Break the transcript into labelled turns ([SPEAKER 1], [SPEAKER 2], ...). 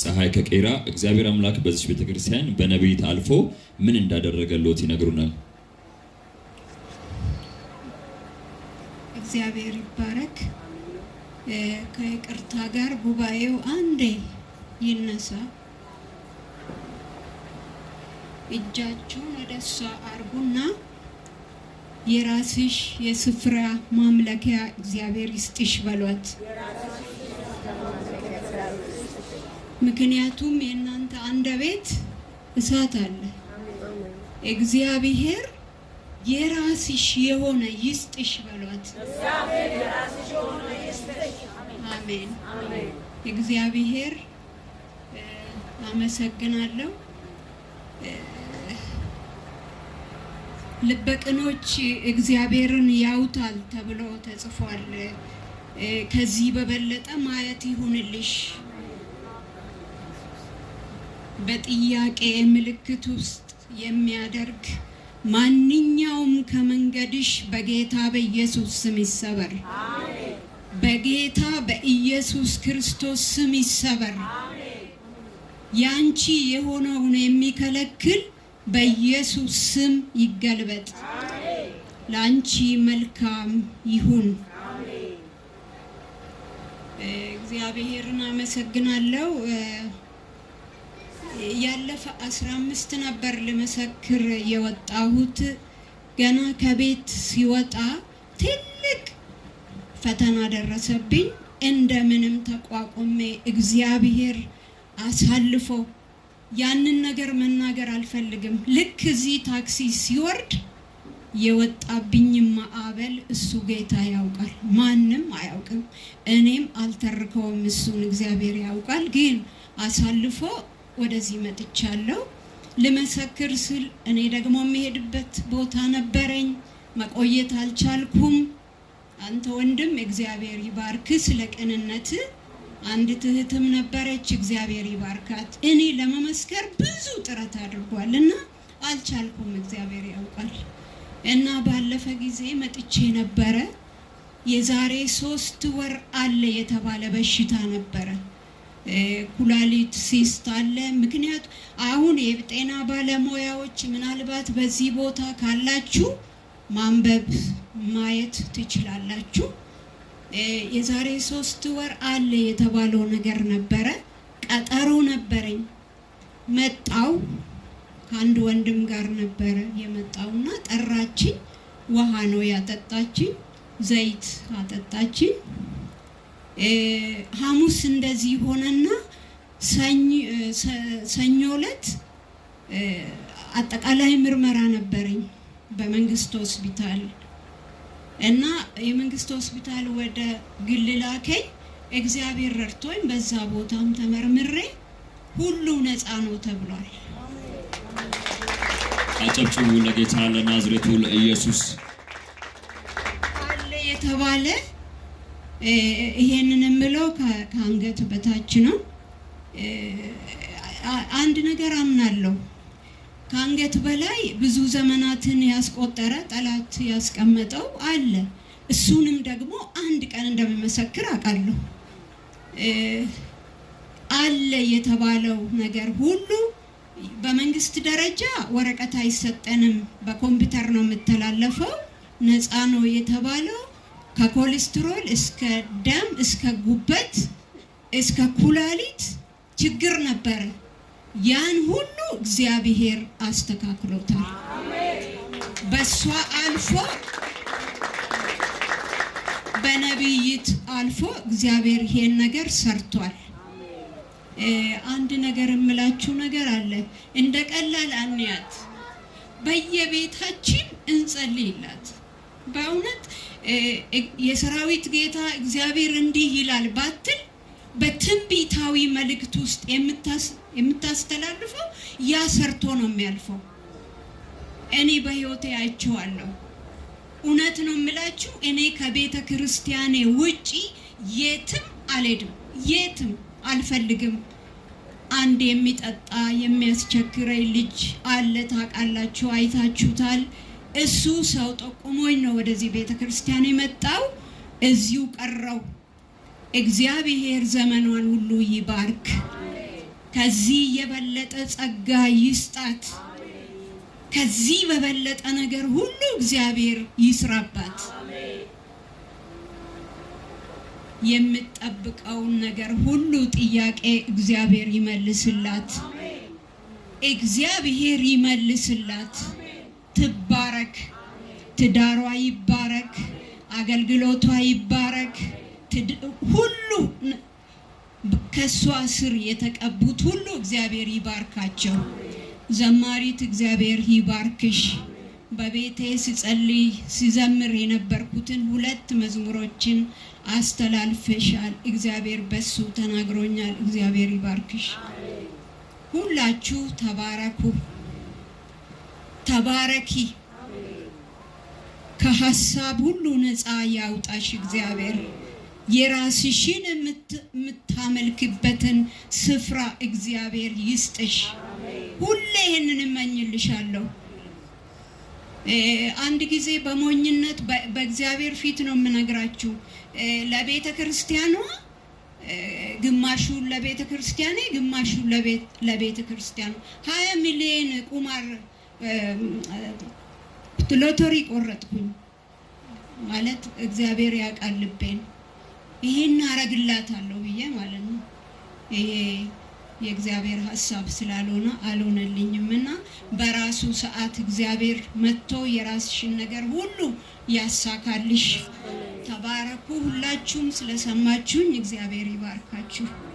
[SPEAKER 1] ፀሐይ ከቄራ እግዚአብሔር አምላክ በዚች ቤተክርስቲያን በነቢይት አልፎ ምን እንዳደረገሎት ይነግሩናል።
[SPEAKER 2] እግዚአብሔር ይባረክ። ከይቅርታ ጋር ጉባኤው አንዴ ይነሳ። እጃቸውን ወደ እሷ አርጉና የራስሽ የስፍራ ማምለኪያ እግዚአብሔር ይስጥሽ በሏት። ምክንያቱም የእናንተ አንደበት እሳት አለ። እግዚአብሔር የራስሽ የሆነ ይስጥሽ በሏት። አሜን። እግዚአብሔር አመሰግናለሁ። ልበቅኖች እግዚአብሔርን ያውታል ተብሎ ተጽፏል። ከዚህ በበለጠ ማየት ይሁንልሽ። በጥያቄ ምልክት ውስጥ የሚያደርግ ማንኛውም ከመንገድሽ በጌታ በኢየሱስ ስም ይሰበር። በጌታ በኢየሱስ ክርስቶስ ስም ይሰበር። ያንቺ የሆነውን የሚከለክል በኢየሱስ ስም ይገልበጥ። ለአንቺ መልካም ይሁን። እግዚአብሔርን አመሰግናለሁ። ያለፈ አስራ አምስት ነበር ልመሰክር የወጣሁት። ገና ከቤት ሲወጣ ትልቅ ፈተና ደረሰብኝ። እንደምንም ተቋቁሜ እግዚአብሔር አሳልፎ ያንን ነገር መናገር አልፈልግም። ልክ እዚህ ታክሲ ሲወርድ የወጣብኝ ማዕበል እሱ ጌታ ያውቃል፣ ማንም አያውቅም። እኔም አልተርከውም፣ እሱን እግዚአብሔር ያውቃል። ግን አሳልፎ ወደዚህ መጥቻለሁ። ልመሰክር ስል እኔ ደግሞ የሚሄድበት ቦታ ነበረኝ፣ መቆየት አልቻልኩም። አንተ ወንድም እግዚአብሔር ይባርክ ስለ ቅንነት። አንድ ትህትም ነበረች እግዚአብሔር ይባርካት። እኔ ለመመስከር ብዙ ጥረት አድርጓል እና አልቻልኩም፣ እግዚአብሔር ያውቃል። እና ባለፈ ጊዜ መጥቼ ነበረ። የዛሬ ሶስት ወር አለ የተባለ በሽታ ነበረ ኩላሊት ሲስት አለ። ምክንያት አሁን የጤና ባለሙያዎች ምናልባት በዚህ ቦታ ካላችሁ ማንበብ ማየት ትችላላችሁ። የዛሬ ሶስት ወር አለ የተባለው ነገር ነበረ። ቀጠሮ ነበረኝ መጣው ከአንድ ወንድም ጋር ነበረ የመጣውና ጠራችኝ። ውሃ ነው ያጠጣችኝ፣ ዘይት አጠጣችኝ። ሐሙስ እንደዚህ ሆነና ሰኞ ዕለት አጠቃላይ ምርመራ ነበረኝ በመንግስት ሆስፒታል እና የመንግስት ሆስፒታል ወደ ግል ላከኝ። እግዚአብሔር ረድቶኝ በዛ ቦታም ተመርምሬ ሁሉም ነፃ ነው ተብሏል።
[SPEAKER 1] አጨብጭቡ ለጌታ ለናዝሬቱ ለኢየሱስ
[SPEAKER 2] አለ የተባለ ይሄንን የምለው ከአንገት በታች ነው። አንድ ነገር አምናለሁ። ከአንገት በላይ ብዙ ዘመናትን ያስቆጠረ ጠላት ያስቀመጠው አለ። እሱንም ደግሞ አንድ ቀን እንደሚመሰክር አውቃለሁ። አለ የተባለው ነገር ሁሉ በመንግስት ደረጃ ወረቀት አይሰጠንም፣ በኮምፒውተር ነው የምተላለፈው፣ ነፃ ነው የተባለው ከኮሌስትሮል እስከ ደም እስከ ጉበት እስከ ኩላሊት ችግር ነበረ። ያን ሁሉ እግዚአብሔር አስተካክሎታል። በእሷ አልፎ በነቢይት አልፎ እግዚአብሔር ይሄን ነገር ሰርቷል። አንድ ነገር የምላችሁ ነገር አለ። እንደ ቀላል አንያት፣ በየቤታችን እንጸልይላት በእውነት የሰራዊት ጌታ እግዚአብሔር እንዲህ ይላል ባትል በትንቢታዊ መልእክት ውስጥ የምታስተላልፈው ያ ሰርቶ ነው የሚያልፈው። እኔ በህይወቴ አይቼዋለሁ። እውነት ነው የምላችሁ፣ እኔ ከቤተ ክርስቲያኔ ውጪ የትም አልሄድም፣ የትም አልፈልግም። አንድ የሚጠጣ የሚያስቸግረኝ ልጅ አለ፣ ታውቃላችሁ፣ አይታችሁታል። እሱ ሰው ጠቁሞኝ ነው ወደዚህ ቤተ ክርስቲያን የመጣው። እዚሁ ቀረው። እግዚአብሔር ዘመኗን ሁሉ ይባርክ። ከዚህ የበለጠ ጸጋ ይስጣት። ከዚህ በበለጠ ነገር ሁሉ እግዚአብሔር ይስራባት። የምጠብቀውን ነገር ሁሉ ጥያቄ እግዚአብሔር ይመልስላት። እግዚአብሔር ይመልስላት። ትባረክ፣ ትዳሯ ይባረክ፣ አገልግሎቷ ይባረክ። ሁሉ ከእሷ ስር የተቀቡት ሁሉ እግዚአብሔር ይባርካቸው። ዘማሪት እግዚአብሔር ይባርክሽ። በቤቴ ሲጸልይ ሲዘምር የነበርኩትን ሁለት መዝሙሮችን አስተላልፈሻል። እግዚአብሔር በሱ ተናግሮኛል። እግዚአብሔር ይባርክሽ። ሁላችሁ ተባረኩ። ተባረኪ። ከሀሳብ ሁሉ ነፃ ያውጣሽ እግዚአብሔር። የራስሽን የምታመልክበትን ስፍራ እግዚአብሔር ይስጥሽ። ሁሌ ይህንን እመኝልሻለሁ። አንድ ጊዜ በሞኝነት በእግዚአብሔር ፊት ነው የምነግራችሁ። ለቤተ ክርስቲያኗ ግማሹን ለቤተ ክርስቲያኔ፣ ግማሹን ለቤተ ክርስቲያኗ ሀያ ሚሊዮን ቁማር ሎተሪ ቆረጥኩኝ ማለት እግዚአብሔር ያውቃል ልቤን ይሄን አረግላታለሁ ብዬ ማለት ነው። ይሄ የእግዚአብሔር ሀሳብ ስላልሆነ አልሆነልኝም እና በራሱ ሰዓት እግዚአብሔር መጥቶ የራስሽን ነገር ሁሉ ያሳካልሽ። ተባረኩ። ሁላችሁም ስለሰማችሁኝ እግዚአብሔር ይባርካችሁ።